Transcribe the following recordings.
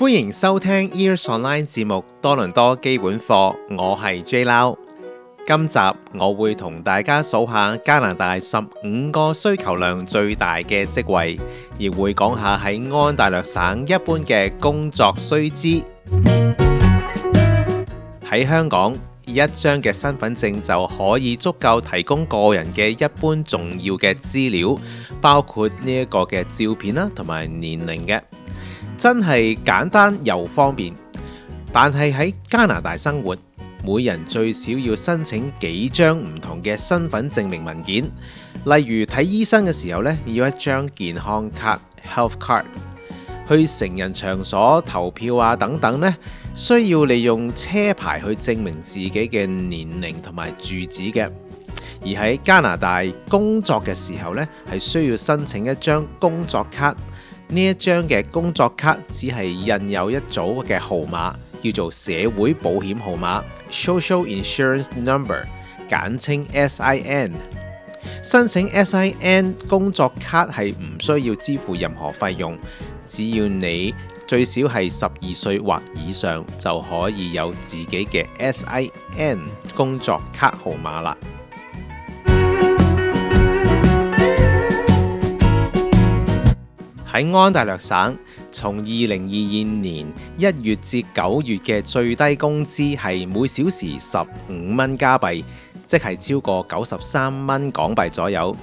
歡迎收聽 Ears Online 節目多倫多基本課，我係 J Lau。今集我會同大家數下加拿大十五個需求量最大嘅職位，而會講下喺安大略省一般嘅工作須知。喺 香港，一張嘅身份證就可以足夠提供個人嘅一般重要嘅資料，包括呢一個嘅照片啦，同埋年齡嘅。真係簡單又方便，但係喺加拿大生活，每人最少要申請幾張唔同嘅身份證明文件，例如睇醫生嘅時候呢要一張健康卡 （health card），去成人場所投票啊等等，呢需要利用車牌去證明自己嘅年齡同埋住址嘅，而喺加拿大工作嘅時候呢係需要申請一張工作卡。呢一張嘅工作卡只係印有一組嘅號碼，叫做社會保險號碼 （Social Insurance Number），簡稱 SIN。申請 SIN 工作卡係唔需要支付任何費用，只要你最少係十二歲或以上，就可以有自己嘅 SIN 工作卡號碼啦。喺安大略省，從二零二二年一月至九月嘅最低工資係每小時十五蚊加幣，即係超過九十三蚊港幣左右。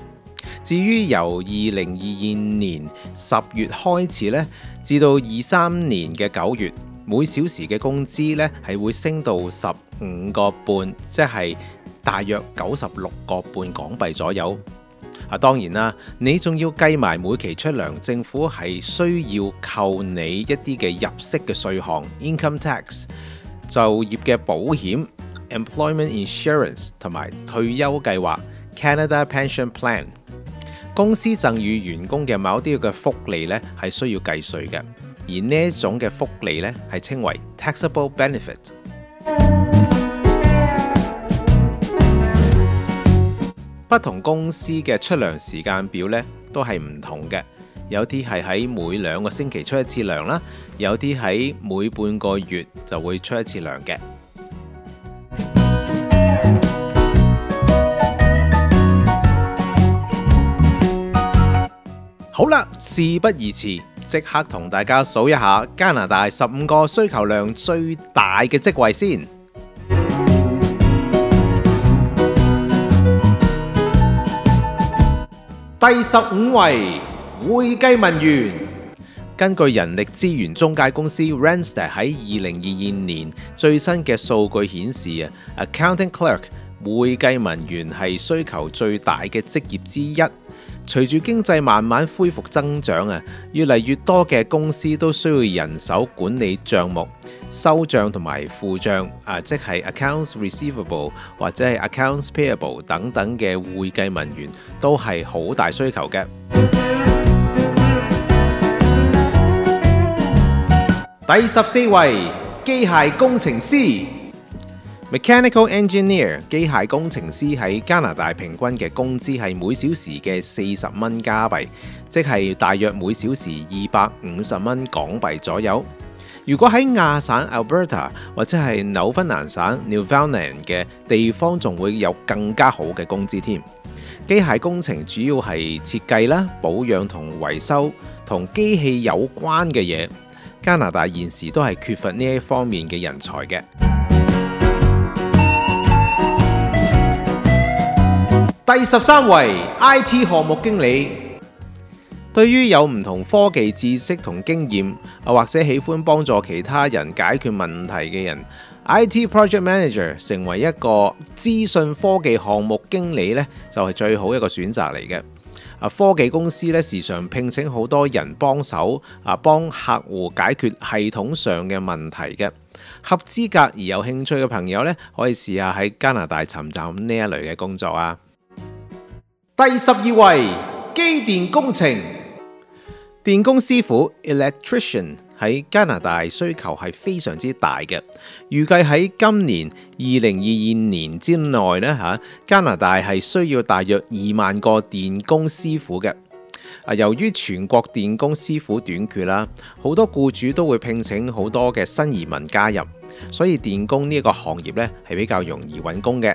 至於由二零二二年十月開始咧，至到二三年嘅九月，每小時嘅工資咧係會升到十五個半，即係大約九十六個半港幣左右。啊，當然啦，你仲要計埋每期出糧，政府係需要扣你一啲嘅入息嘅稅項 （income tax）、就業嘅保險 （employment insurance） 同埋退休計劃 （Canada Pension Plan）。公司贈予員工嘅某啲嘅福利呢係需要計稅嘅，而呢一種嘅福利呢係稱為 taxable benefit。不同公司嘅出糧時間表呢，都係唔同嘅。有啲係喺每兩個星期出一次糧啦，有啲喺每半個月就會出一次糧嘅。好啦，事不宜遲，即刻同大家數一下加拿大十五個需求量最大嘅職位先。第十五位會計文員。根據人力資源中介公司 Randstad 喺二零二二年最新嘅數據顯示啊，accounting clerk 會計文員係需求最大嘅職業之一。隨住經濟慢慢恢復增長啊，越嚟越多嘅公司都需要人手管理賬目。收帳同埋付帳啊，即係 accounts receivable 或者係 accounts payable 等等嘅會計文員都係好大需求嘅。第十四位，機械工程師 （mechanical engineer）。機械工程師喺加拿大平均嘅工資係每小時嘅四十蚊加幣，即係大約每小時二百五十蚊港幣左右。如果喺亞省 Alberta 或者係紐芬蘭省 Newfoundland 嘅地方，仲會有更加好嘅工資添。機械工程主要係設計啦、保養同維修同機器有關嘅嘢。加拿大現時都係缺乏呢一方面嘅人才嘅。第十三位 IT 項目經理。對於有唔同科技知識同經驗啊，或者喜歡幫助其他人解決問題嘅人，IT Project Manager 成為一個資訊科技項目經理呢就係最好一個選擇嚟嘅。啊，科技公司呢時常聘請好多人幫手啊，幫客戶解決系統上嘅問題嘅。合資格而有興趣嘅朋友呢，可以試下喺加拿大尋找呢一類嘅工作啊。第十二位，機電工程。電工師傅 electrician 喺加拿大需求係非常之大嘅，預計喺今年二零二二年之內呢吓，加拿大係需要大約二萬個電工師傅嘅。啊，由於全國電工師傅短缺啦，好多僱主都會聘請好多嘅新移民加入，所以電工呢個行業呢係比較容易揾工嘅。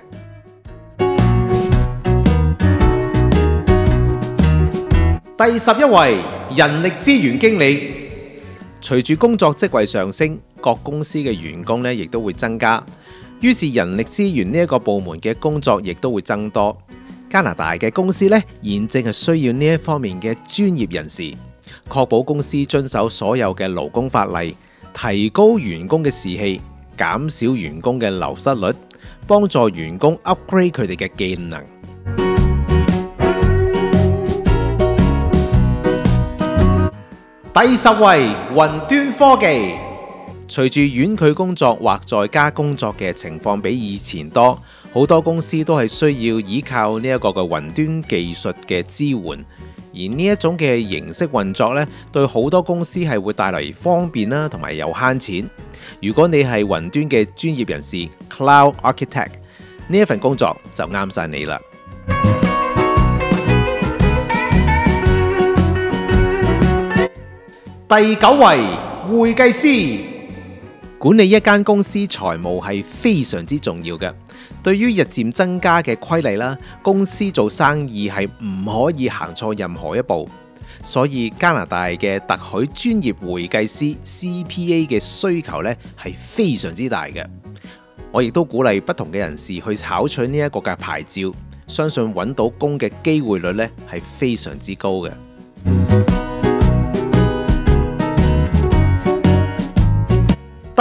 第十一位，人力資源經理。隨住工作職位上升，各公司嘅員工咧亦都會增加，於是人力資源呢一個部門嘅工作亦都會增多。加拿大嘅公司咧現正係需要呢一方面嘅專業人士，確保公司遵守所有嘅勞工法例，提高員工嘅士氣，減少員工嘅流失率，幫助員工 upgrade 佢哋嘅技能。第十位，雲端科技。隨住遠距工作或在家工作嘅情況比以前多，好多公司都係需要依靠呢一個嘅雲端技術嘅支援。而呢一種嘅形式運作咧，對好多公司係會帶嚟方便啦，同埋又慳錢。如果你係雲端嘅專業人士 （Cloud Architect），呢一份工作就啱晒你啦。第九位，會計師管理一間公司財務係非常之重要嘅。對於日漸增加嘅規例啦，公司做生意係唔可以行錯任何一步，所以加拿大嘅特許專業會計師 （CPA） 嘅需求呢係非常之大嘅。我亦都鼓勵不同嘅人士去考取呢一個嘅牌照，相信揾到工嘅機會率呢係非常之高嘅。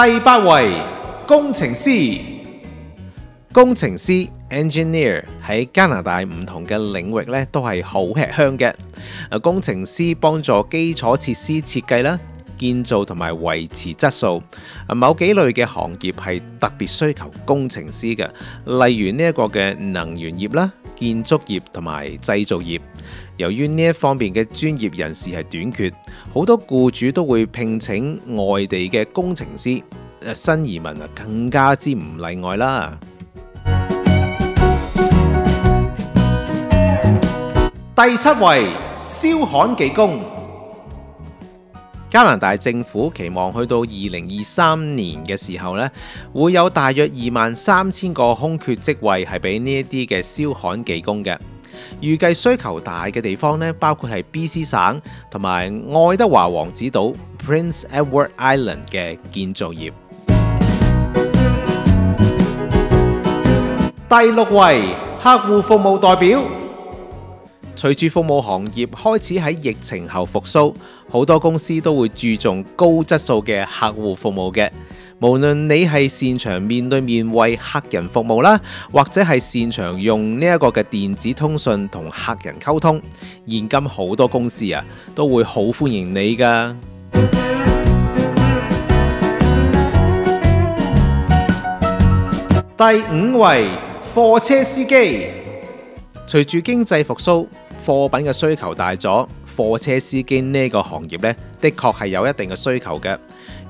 第八位工程師，工程師 （engineer） 喺加拿大唔同嘅領域咧都係好吃香嘅。啊，工程師幫助基礎設施設計啦、建造同埋維持質素。啊，某幾類嘅行業係特別需求工程師嘅，例如呢一個嘅能源業啦。建築業同埋製造業，由於呢一方面嘅專業人士係短缺，好多僱主都會聘請外地嘅工程師。誒，新移民啊，更加之唔例外啦。第七位，燒焊技工。加拿大政府期望去到二零二三年嘅時候呢，會有大約二萬三千個空缺職位係俾呢一啲嘅燒焊技工嘅。預計需求大嘅地方呢，包括係 B.C 省同埋愛德華王子島 Prince Edward Island 嘅建造業。第六位，客戶服務代表。隨住服務行業開始喺疫情後復蘇，好多公司都會注重高質素嘅客戶服務嘅。無論你係擅長面對面為客人服務啦，或者係擅長用呢一個嘅電子通訊同客人溝通，現今好多公司啊都會好歡迎你噶。第五位貨車司機，隨住經濟復蘇。貨品嘅需求大咗，貨車司機呢個行業呢，的確係有一定嘅需求嘅。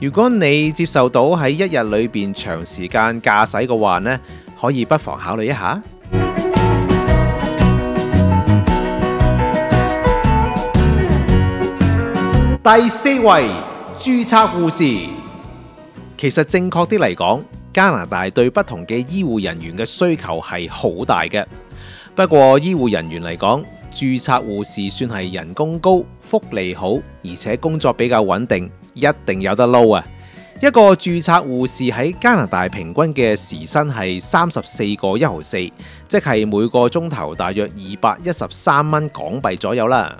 如果你接受到喺一日裏邊長時間駕駛嘅話呢，可以不妨考慮一下。第四位註冊護士，其實正確啲嚟講，加拿大對不同嘅醫護人員嘅需求係好大嘅。不過醫護人員嚟講，注冊護士算係人工高、福利好，而且工作比較穩定，一定有得撈啊！一個注冊護士喺加拿大平均嘅時薪係三十四個一毫四，即係每個鐘頭大約二百一十三蚊港幣左右啦。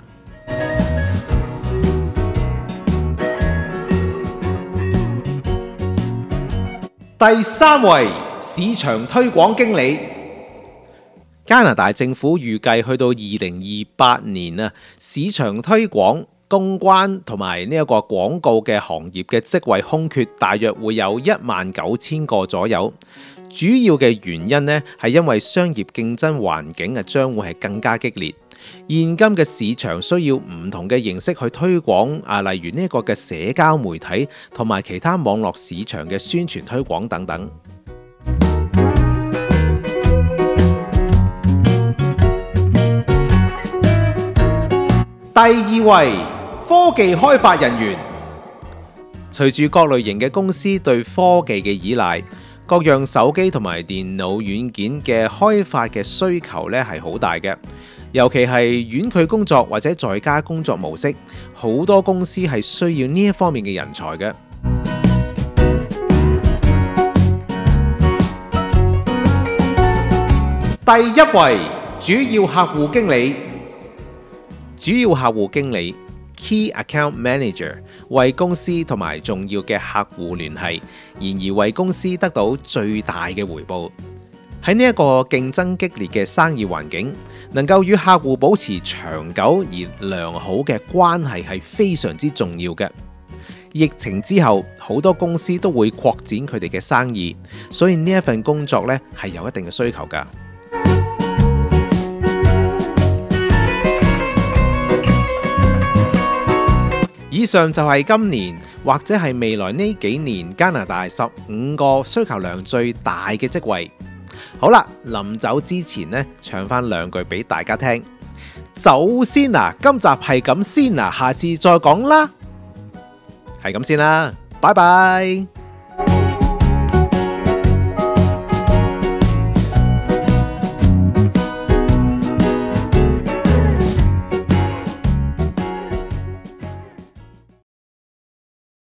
第三位市場推廣經理。加拿大政府預計去到二零二八年啊，市場推廣、公關同埋呢一個廣告嘅行業嘅職位空缺大約會有一萬九千個左右。主要嘅原因呢，係因為商業競爭環境啊將會係更加激烈。現今嘅市場需要唔同嘅形式去推廣啊，例如呢一個嘅社交媒體同埋其他網絡市場嘅宣傳推廣等等。第二位科技開發人員，隨住各類型嘅公司對科技嘅依賴，各樣手機同埋電腦軟件嘅開發嘅需求咧係好大嘅，尤其係遠距工作或者在家工作模式，好多公司係需要呢一方面嘅人才嘅。第一位，主要客戶經理。主要客戶經理 （Key Account Manager） 為公司同埋重要嘅客戶聯繫，然而為公司得到最大嘅回報。喺呢一個競爭激烈嘅生意環境，能夠與客戶保持長久而良好嘅關係係非常之重要嘅。疫情之後，好多公司都會擴展佢哋嘅生意，所以呢一份工作咧係有一定嘅需求㗎。以上就係今年或者係未來呢幾年加拿大十五個需求量最大嘅職位。好啦，臨走之前呢，唱返兩句俾大家聽。走先啦，今集係咁先啦，下次再講啦，係咁先啦，拜拜。